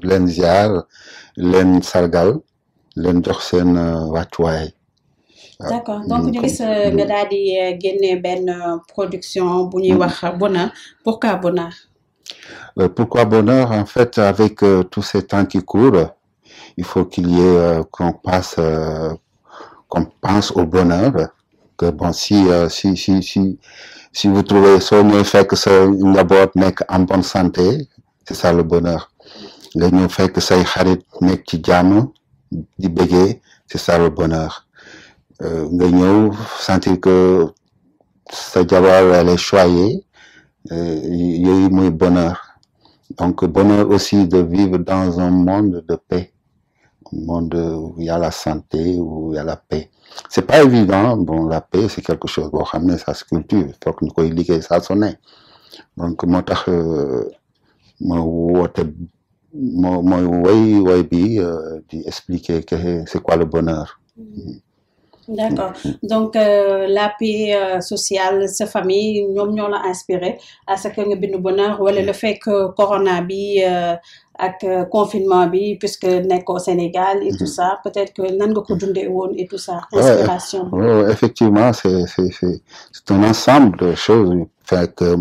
leen ziar Lendorsen sargal euh, D'accord, donc vous euh, dites nga que euh, une génne production bu ñuy pourquoi bonheur. pourquoi bonheur en fait avec tous ces temps qui courent il faut qu'il y ait qu'on passe qu'on pense au bonheur que bon si si si si si vous trouvez ça fait que sa d'abord mec en bonne santé c'est ça le bonheur nga ñëw fekk say xarit nekk ci jàmm di bégee c'est ça le bonheur euh, nga ñëw sentir que sa jabar elle est choyée euh, yooyu muy bonheur donc bonheur aussi de vivre dans un monde de paix un monde où il y a la santé, où il y a la paix. C'est pas évident. Bon, la paix, c'est quelque chose. Bon, ramener ça sa culture. Faut que nous ça sonne. Donc, moi, t'as, moi, moi, woy woy bi euh, di expliquer que c'est quoi le bonheur mm. d'accord mm, mm. donc euh, la paix euh, sociale sa famille nous avons la inspiré à ce que avons le bonheur ou le fait que corona bi euh, confinement bi puisque sommes au Sénégal et tout mm-hmm. ça peut-être que nous avons ko de choses et tout ça inspiration ouais, effectivement c'est un ensemble de choses fait que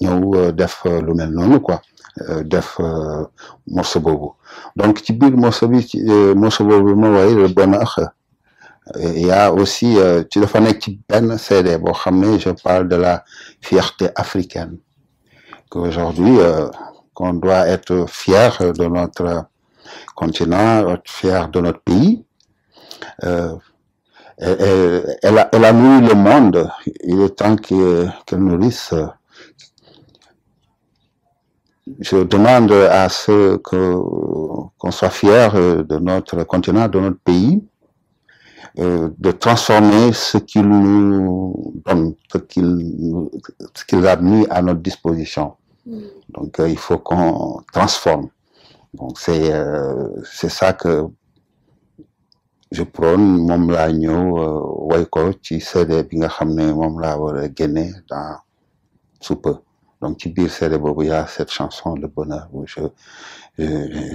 nous def lu quoi euh, def euh, morceau donc ci biir morceau euh, ma y a aussi ci dafa ci je parle de la fierté africaine qu'aujourd'hui qu'on doit être fier de notre continent fier de notre pays elle a nourri le monde il est temps qu'elle nourrisse je demande à ceux qu'on soit fiers euh, de notre continent, de notre pays, euh, de transformer ce qu'ils nous donnent, ce qu'ils ont a mis à notre disposition. Mm. Donc euh, il faut qu'on transforme. Donc c'est c'est ça que je prône mon laa Wai way ko ci CD bi nga xam ne dans sous peu donc tu biir c'est le cette chanson le bonheur je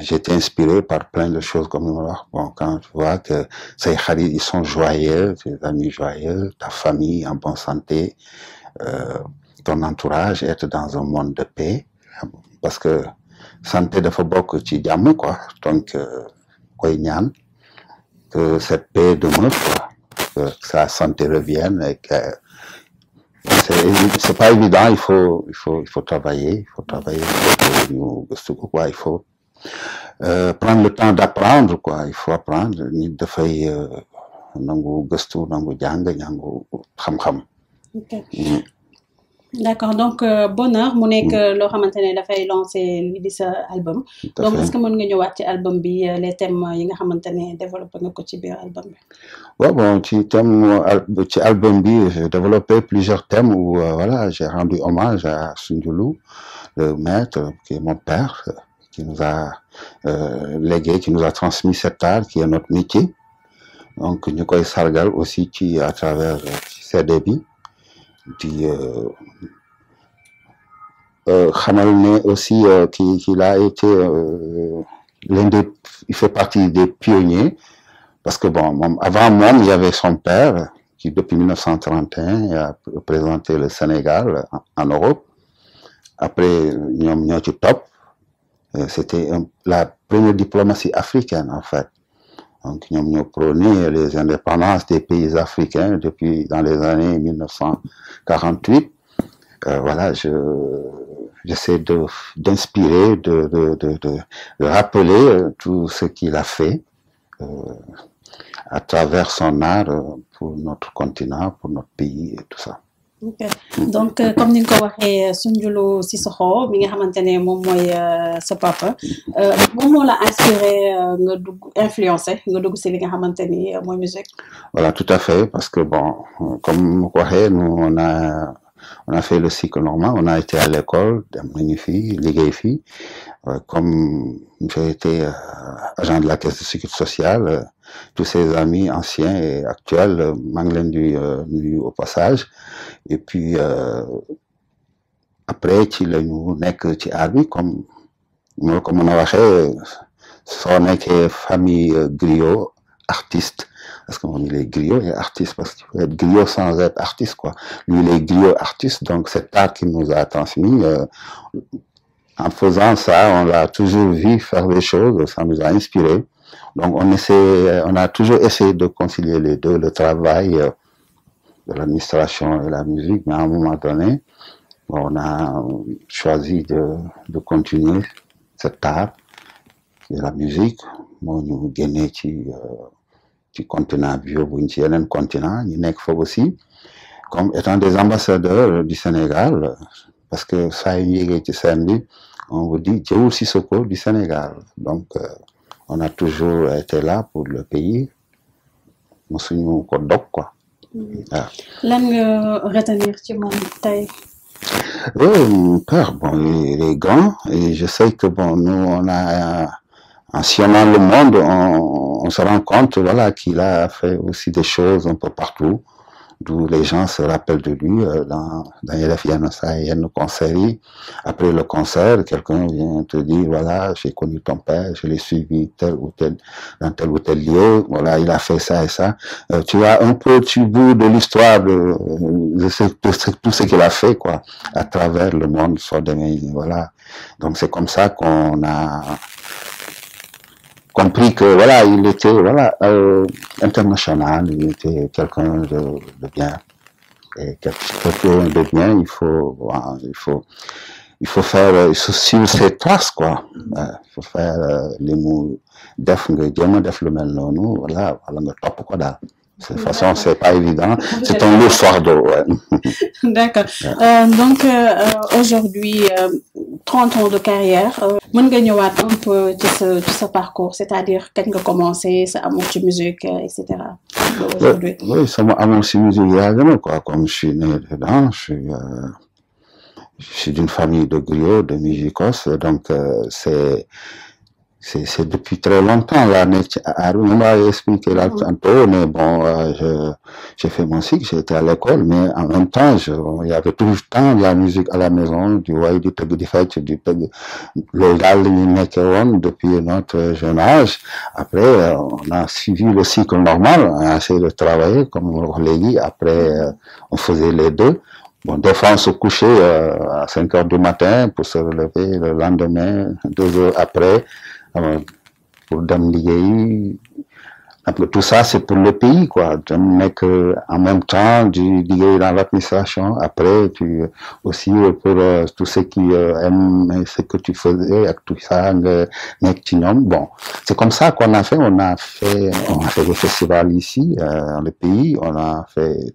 j'étais inspiré par plein de choses comme moi. bon quand tu vois que ces haris, ils sont joyeux tes amis joyeux ta famille en bonne santé euh, ton entourage être dans un monde de paix parce que santé de bokk ci jàmm quoi donc euh, koy ñaan que cette paix demeure quoi que sa santé revienne et que c'est pas évident, il faut, il faut, il faut travailler, il faut travailler, il faut, quoi, il faut euh, prendre le temps d'apprendre, quoi, il faut apprendre, nit dafay euh, nangu gëstu nangu jàng nangu xam-xam. Mm d'accord donc euh, Bonheur mu nekk euh, loo xamante ne dafay lancé album. donc est-ce que mën nga ñëwaat ci album bi euh, les thèmes yi nga xamante ne développé nga ko ci biir album bi. bon ci thème ci album bi j'ai développé plusieurs thèmes où voilà j'ai rendu hommage à Sunjulu le maître qui est mon père qui nous a légué qui nous a transmis cet art qui est notre métier donc nous koy sargal aussi ci à travers ses débuts di euh, euh, aussi euh, qui qui a été l'un des il fait partie des pionniers parce que bon avant moi il y avait son père qui depuis 1931 a représenté le Sénégal en, Europe après a ñoo top c'était la première diplomatie africaine en fait donc, nous avons prôné les indépendances des pays africains depuis dans les années 1948. Euh, voilà, je j'essaie de d'inspirer, de, de, de, de, rappeler euh, tout ce qu'il a fait euh, à travers son art pour notre continent, pour notre pays et tout ça donc euh, comme ni ko waxee euh, Sunjulu Sissoko mi nga xamante ne moom mooy euh, sa papa moom moo la inspiré nga dugg influencé nga dugg si li nga xamante ni musique. voilà tout à fait parce que bon comme ko waxee nous on a on a fait le cycle normal on a été à l'école dem nañu fii liggéey euh, comme j'ai été euh, agent de la caisse de sécurité sociale, euh, tous ses amis anciens et actuels m'ont du, au passage. Et puis, après, tu nous nouveau comme on a mën son waxee est famille griot artiste parce que dit il est griot et artiste parce qu'il faut être griot sans être artiste quoi lui il est griot artiste donc c'est art qu'il nous a transmis en faisant ça, on a toujours vu faire des choses, ça nous a inspiré. Donc on essaie, on a toujours essayé de concilier les deux, le travail euh, de l'administration et la musique, mais à un moment donné, on a choisi de, continuer cet art de la musique. Moi, nous gagnons à du euh, continent bio un continent ñu nekk un aussi comme étant des ambassadeurs du Sénégal parce que ça y est, yéegee ci on vous dit aussi Sissoko du Sénégal donc euh, on a toujours été là pour le pays mosuñu ko dog quoi mm-hmm. Ah. L'âme nga retenir ci moom taille Oui, euh, mon père, bon, il est grand et je sais que bon, nous, on a, en sillonnant le monde, on, on se rend compte, voilà, qu'il a fait aussi des choses un peu partout d'où les gens se rappellent de lui. Euh, dans, dans y nous et après le concert, quelqu'un vient te dire, voilà, j'ai connu ton père, je l'ai suivi tel ou tel, dans tel ou tel lieu, voilà, il a fait ça et ça. Euh, tu as un peu tu bout de l'histoire de, tout ce qu'il a fait, quoi, à travers le monde, sur de voilà. Donc c'est comme ça qu'on a compris que voilà, il était voilà euh, international, il était quelqu'un de, de, bien. Et quelqu'un de bien, il faut, voilà, il faut, il faut faire euh, il faut suivre ses traces quoi. Euh, il faut faire euh, les mots def nga jéem def lu mel noonu voilà wala nga topp ko daal. De toute façon, ce n'est pas évident. C'est un lourd fardeau. Ouais. D'accord. Euh, donc, euh, euh, aujourd'hui, 30 ans de carrière. mon nga ñëwaat un peu ce ce, parcours, c'est-à-dire quand nga commencé ça amour musique, etc. Aujourd'hui. Oui, ça m'a amour musique a quoi. Comme je suis né dedans, je suis, d'une famille de griots, de musicos, donc c'est c'est depuis très longtemps là on m'a expliqué là peu, mais bon euh, j'ai fait mon cycle j'étais à l'école mais en même temps il y avait tout le temps de la musique à la maison du way du peg du fête du peg le dal depuis notre jeune âge après on a suivi le cycle normal on a essayé de travailler comme on l'a dit après euh, on faisait les deux Bon, des fois, on se couchait euh, à 5 heures du matin pour se relever le lendemain, deux heures après pour dem après tout ça c'est pour le pays quoi mais mec euh, en même temps du dans l'administration après tu euh, aussi euh, pour tout ce qui aiment ce que tu faisais avec tout ça mec tu bon c'est comme ça qu'on a fait on a fait on a fait des festivals ici dans le pays on a fait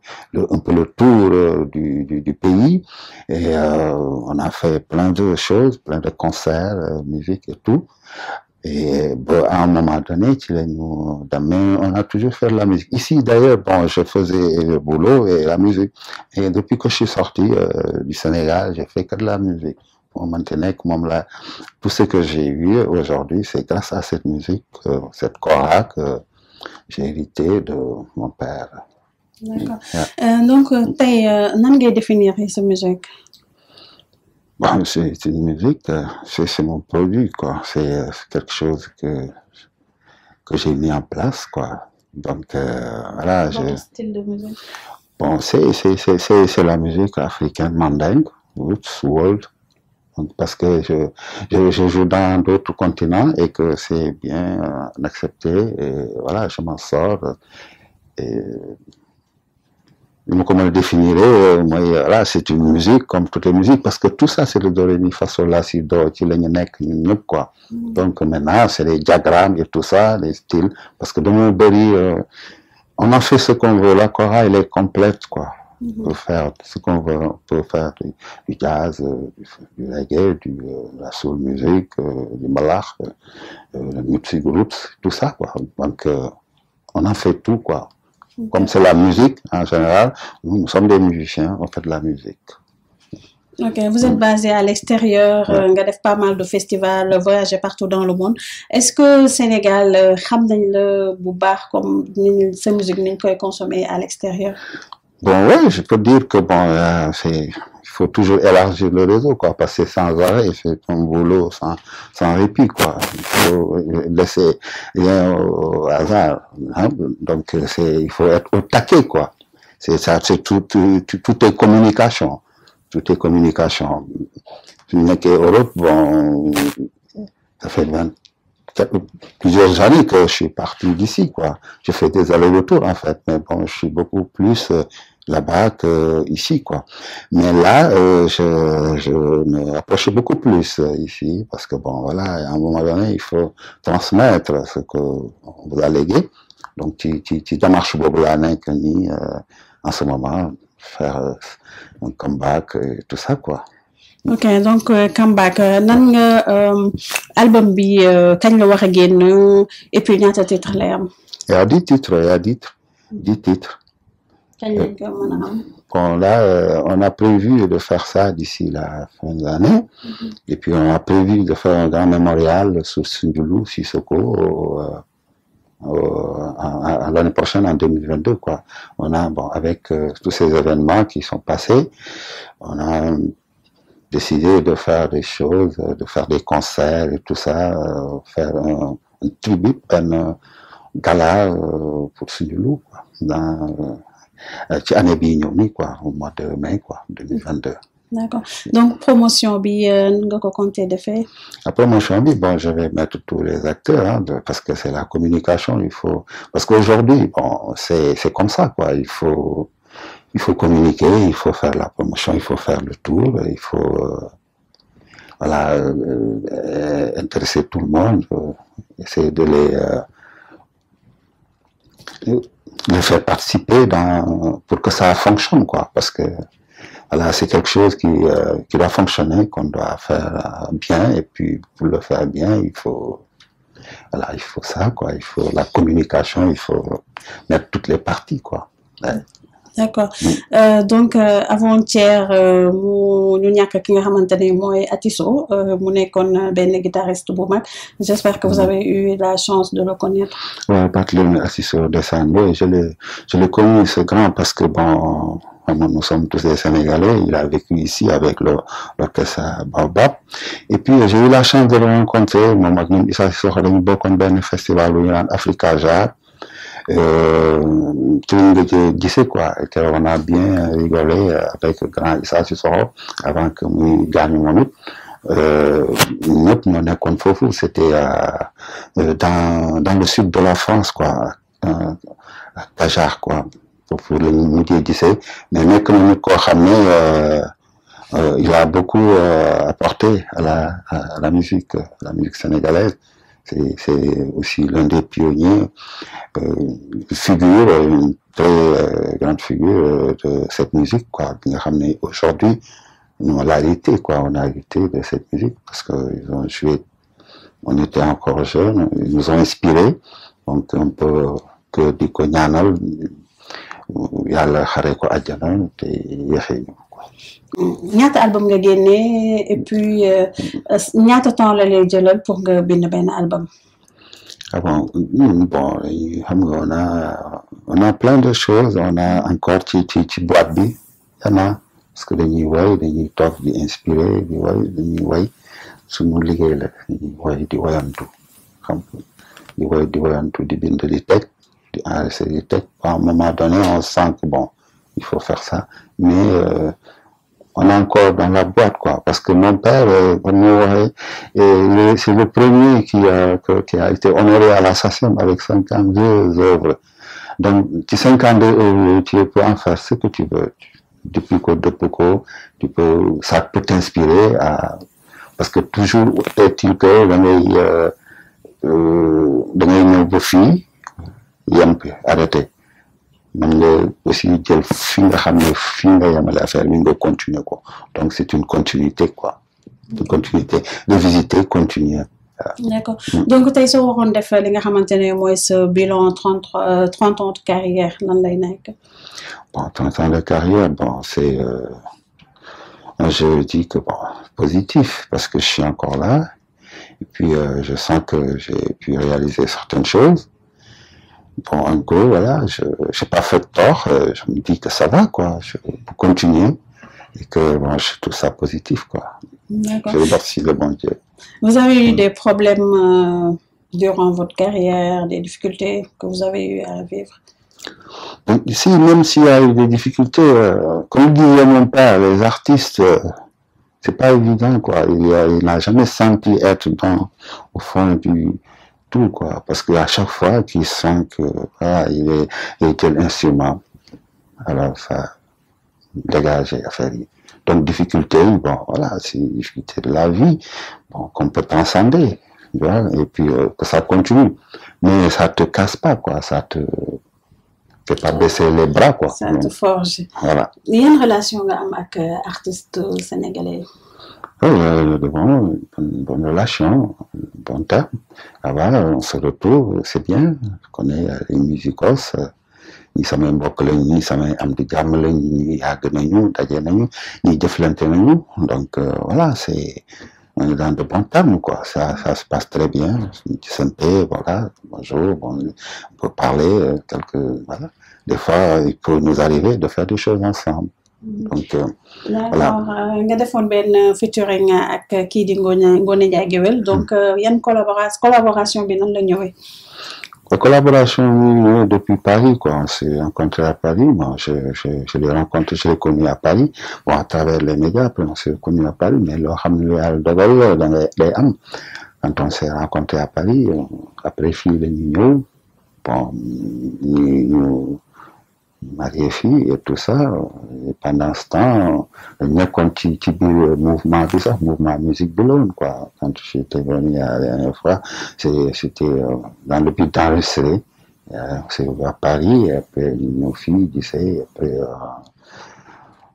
un peu le tour du, du, du pays et euh, on a fait plein de choses plein de concerts musique et tout et bon, à un moment donné, tu on a toujours fait de la musique. Ici, d'ailleurs, bon, je faisais le boulot et la musique. Et depuis que je suis sorti euh, du Sénégal, j'ai fait que de la musique. Pour maintenir comme là, tout ce que j'ai eu aujourd'hui, c'est grâce à cette musique, euh, cette chorale que j'ai hérité de mon père. D'accord. Euh, donc, tu as, définir cette musique c'est une musique, euh, c'est mon produit, quoi. Euh, c'est quelque chose que, que j'ai mis en place, quoi. Donc, euh, style de musique c'est la musique africaine mandingue, roots, world. parce que je, je, joue dans d'autres continents et que c'est bien euh, accepté. Et voilà, je m'en sors. Et Comment le le une musique comme toutes les musiques parce que tout ça c'est le do façon mi la si do ci la quoi mm. donc maintenant c'est les diagrammes et tout ça les styles parce que dans bëri euh, on a fait ce qu'on veut la chorale elle est complète quoi On mm-hmm. peut faire ce qu'on veut, on peut faire du, jazz, euh, du, reggae, euh, de la soul music, du malach, du le groups, tout ça, quoi. Donc, on a fait tout, quoi. Comme c'est la musique en général, nous, sommes des musiciens, on fait de la musique. Ok, vous êtes basé à l'extérieur, vous euh, avez pas mal de festivals, voyagez partout dans le monde. Est-ce que le Sénégal, euh, le Boubar, comme musique musiques, nous consommer à l'extérieur Bon, oui, je peux dire que bon, euh, c'est faut toujours élargir le réseau, quoi, parce que sans arrêt, c'est ton boulot sans, répit, quoi. Il faut laisser rien au hasard. Hein? Donc, c'est, il faut être au taquet, quoi. C'est ça, c'est tout, tout, est communication. Tout est communication. Je n'ai Europe, bon, ça fait plusieurs années que je suis parti d'ici, quoi. J'ai fait des allers-retours, en fait, mais bon, je suis beaucoup plus là-bas qu'ici, quoi. Mais là, euh, je, je me rapproche beaucoup plus euh, ici, parce que, bon, voilà, à un moment donné, il faut transmettre ce que vous a légué Donc, tu, tu, tu beaucoup ni euh, en ce moment, faire un comeback et tout ça, quoi. ok donc comeback nan nga album bi et puis a titre lay il y a dix titres il y a dix titres. Euh, on a prévu de faire ça d'ici la fin de l'année. Mm-hmm. Et puis, on a prévu de faire un grand mémorial sur Sundulu, Sissoko, euh, l'année prochaine, en 2022. Quoi. On bon, avec euh, tous ces événements qui sont passés, on a décidé de faire des choses, de faire des concerts et tout ça, faire un, tribut, un, gala pour Sundulu, dans eh, ci année bii quoi au mois de mai quoi 2022. D'accord. Donc, promotion, La euh, ah, promotion, je vais mettre tous les acteurs, hein, parce que c'est la communication, il faut... Parce qu'aujourd'hui, c'est comme ça, quoi, il faut... Il faut communiquer, il faut faire la promotion, il faut faire le tour, il faut euh, euh, intéresser tout le monde, essayer de les le faire participer dans, pour que ça fonctionne, quoi. Parce que voilà, c'est quelque chose qui, euh, qui doit fonctionner, qu'on doit faire bien, et puis pour le faire bien, il faut voilà, il faut ça, quoi. Il faut la communication, il faut mettre toutes les parties, quoi d'accord euh, donc euh, avant-hier nous euh, y ñàkk ki nga xamante Atiso mon nekkoon Ben guitariste bu j'espère que vous avez eu la chance de le connaître. Oui, Patlin Atiso Desane oui je l'ai je l'ai connu ce grand parce que bon nous sommes tous des Sénégalais il a vécu ici avec l'orchestre Baobab et puis j'ai eu la chance de le rencontrer Moi, s'est ñoom Issa Cissokho dañu bokkoon festival bu ñu naan Africa euh, de 10 quoi, et on a bien rigolé euh, avec grand Issa Sissoro avant que nous gagnions mon euh, autre. Euh, notre monnaie comme Fofu, c'était euh, dans, dans le sud de la France, quoi, euh, à, Tajar, quoi, pour le midi disait. Mais mec, nous, quoi, ramené, il a beaucoup apporté à la, à la musique, la musique sénégalaise c'est aussi l'un des pionniers, euh, figure, une très euh, grande figure euh, de cette musique, quoi, qui a aujourd'hui, nous, on l'a arrêté, quoi, on a arrêté de cette musique, parce qu'ils ont joué, on était encore jeunes, ils nous ont inspirés, donc on peut que du ñaata album nga génné et puis euh, ñaata temps la lay jëlal pour nga bind benn album. avant ah bon, hmm, bon, on a, on a plein de choses. On a encore ci ci ci boîte bi y en a parce que dañuy woy dañuy toog di inspiré di woy dañuy woy suñu liggéey la dañuy woy di woyantu xam di woy di woyantu di bind di teg di enregistré di teg à un moment donné on sent que bon il faut faire ça mais. Euh, on est encore dans la boîte, quoi. Parce que mon père, c'est le premier qui a, été honoré à l'assassin avec 52 œuvres. Donc, tu 52 œuvres, tu peux en faire ce que tu veux. Depuis que de Poco, tu peux, ça peut t'inspirer parce que toujours est-il que dans les, euh, dans les nouveaux il y a un peu arrêté mais nga aussi jël fi nga xam ne fi nga yemale affaire continuer ko donc c'est une continuité quoi une continuité de visiter continuer d'accord mm. donc tey soo waroon def li nga xamante ne mooy bilan trente euh, trente ans de carrière lan lay bon trente ans de carrière bon c'est euh, je dis que bon positif parce que je suis encore là et puis euh, je sens que j'ai pu réaliser certaines choses bon, en gros, voilà, je n'ai pas fait de tort, euh, je me dis que ça va, quoi, je continuer et que bon, je tout ça positif, quoi. Je remercie le bon Dieu. Vous avez eu mm. des problèmes euh, durant votre carrière, des difficultés que vous avez eu à vivre ben, Ici, même s'il y a eu des difficultés, euh, comme disait mon père, les artistes, c'est pas évident, quoi. Il n'a jamais senti être dans, au fond du tout, quoi. Parce qu'à chaque fois qu'ils sentent que, ah, il est, tel instrument, alors ça dégage l'affaire. Donc, difficulté, voilà, c'est difficulté de la vie, bon, qu'on peut transcender, et puis euh, que ça continue. Mais ça te casse pas, quoi, ça te fait pas baisser les bras, quoi. Ça te forge. Il y a une relation euh, avec l'artiste euh, sénégalais euh, bon, bon, le bon temps ah voilà, on se retrouve, c'est bien, je connais euh, les musicos, ça ça m'aime les ni ça am di petit lañ ni yàgg nañu ni nañu ñi jëflante nañu donc euh, voilà c'est on est dans de bons termes quoi ça ça se passe très bien santé voilà bonjour bon on peut parler euh, quelques voilà des fois il peut nous arriver de faire des choses ensemble donc euh, voilà euh, nga fait un euh, featuring avec ki di Ngoné Ngoné Ndiaye hmm. donc yan collaboration collaboration bi nan la ñëwé La collaboration euh, depuis Paris, quoi. On s'est rencontrés à Paris. Moi, je, je, je l'ai rencontré, je l'ai connu à Paris. Bon, à travers les médias, puis on s'est connu à Paris. Mais le quand on s'est rencontrés à Paris, après, fini les bon, nous, marié fille et tout ça. Et pendant ce temps, il y a ci le mouvement tout mouvement musique de quoi. Quand j'étais venu la dernière fois, c'était euh, dans le but d'enregistrer. C'est à euh, Paris, et après nos filles disaient, après euh,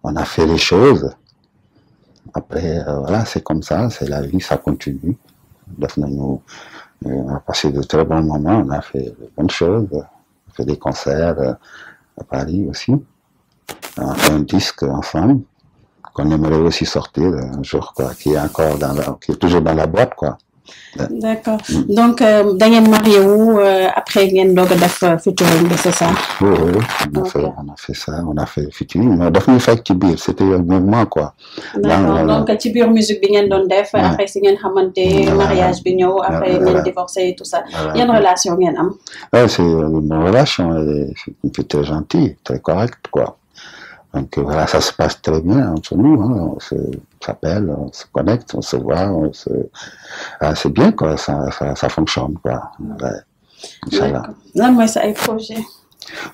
on a fait les choses. Après, voilà, c'est comme ça, c'est la vie, ça continue. nous, on a passé de très bons moments, on a fait de bonnes choses, on a fait des concerts à Paris aussi. Un, un disque ensemble qu'on aimerait aussi sortir un jour, qui est encore dans qui est toujours dans la boîte, quoi d'accord donc vous euh, ngeen marié euh, après il doog a def euh, featuring c'est ça. oui oui on a fait on a fait ça on a fait featuring mais daf ñu fekk ci Tibir, c'était un mouvement quoi. d'accord donc Tibir, biir musique après ngeen doon fait, après un ngeen de mariage bi ñëw après un divorcé et tout ça. il une relation ngeen am. Oui, c'est une relation c'est très gentil, très correct quoi. Donc euh, voilà, ça se passe très bien entre nous. Hein. On s'appelle, on, se connecte, on se voit, ah, c'est bien quoi, ça, ça, fonctionne quoi. Ouais. Ça, mooy ça est projet.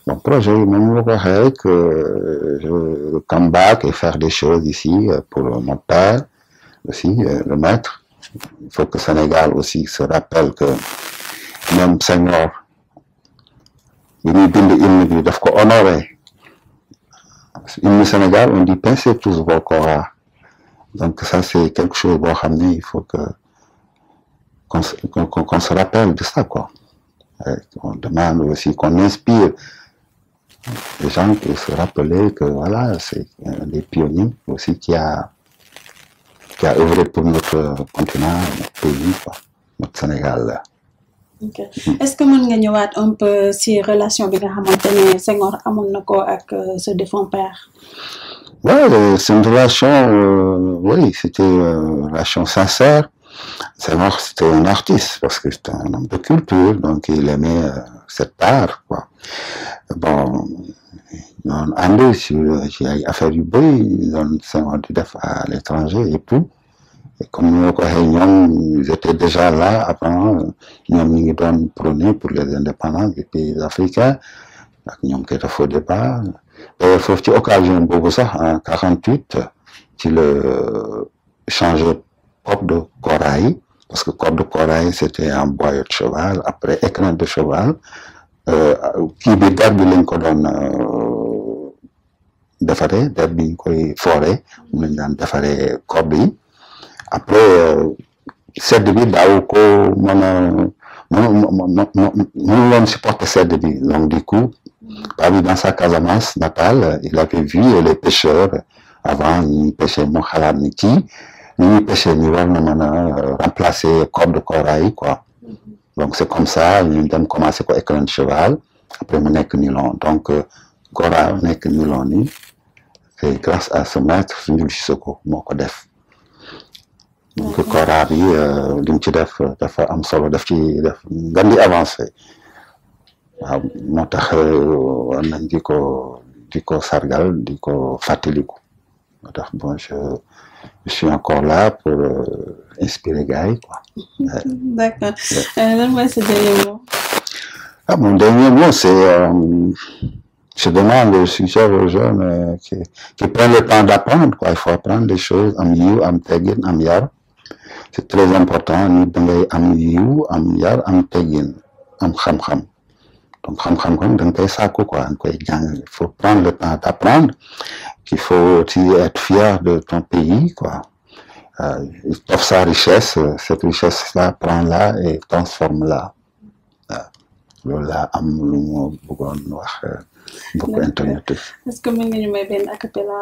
Bon projet même le la que je et faire des choses ici euh, pour mon père aussi euh, le maître. Il faut que Sénégal aussi se rappelle que même Seigneur il il bien de honoré. Au Sénégal on dit pincez tous vos corps. donc ça c'est quelque chose à ramener. il faut que qu'on se rappelle de ça quoi on demande aussi qu'on inspire les gens qui se rappellent que voilà c'est des pionniers aussi qui a qui œuvré pour notre continent notre pays notre Sénégal est-ce que vous nga un peu ces relations avec le Seigneur ne avec euh, ce défunt père. oui euh, c'est une relation euh, oui c'était euh, une relation sincère Seigneur, c'était un artiste parce que c'était un homme de culture donc il aimait cette part. art quoi bon ñoom de si ci ay affaires yu bëri doon di def à l'étranger et tout comme nous avons ils étaient déjà là, avant, nous avons prôné pour les indépendants des pays africains, ak ñoom kay dafa départ. d'ailleurs foofu ci occasion boobu sax en 48, qu'il le euh, corps de corail parce que corde de corail c'était un boyau de cheval après écran de cheval euh, qui est der bi lañ ko doon euh, defaree der bi ñu koy fooree mu lañ après, vie euh, Daoko, mon supporté euh, supporte vie. Donc, du coup, dans sa Casamance natale, il avait vu les pêcheurs. Avant, ils pêchaient Mohalamiti. Ils pêchaient, ils vont euh, remplacer corps de corail, quoi. Donc, c'est comme ça, ils ont commencé avec un cheval. Après, mon avons Nilon Donc, corail, nous avons nylon. C'est grâce à ce maître, chisoko, mon kodef que Kora bi euh, ci def euh, dafa am solo daf ci def gandi di avancé waaw moo tax euh, war nañ di ko di ko sargal di ko fàttaliku moo bon je je suis encore là pour inspirer gars quoi. d'accord lan mooy sa dernier mot. ah mon dernier mot c'est je demande je suggère aux jeunes qui qui prennent le temps d'apprendre quoi il faut apprendre des choses am yiw am teggin am yar c'est très important ni da ngay am yiw am yar am teggin am xam-xam donc xam-xam kon dang tay sako quoi da nga koy jàng il faut prendre le temps d'apprendre qu'il faut aussi être fier de ton pays quoi euh, offre sa richesse cette richesse là prends-la et transforme-la waaw euh, loolu am lu mo bëggoon wax euh, mbokk internet est-ce que mën nga ñu may benn acapella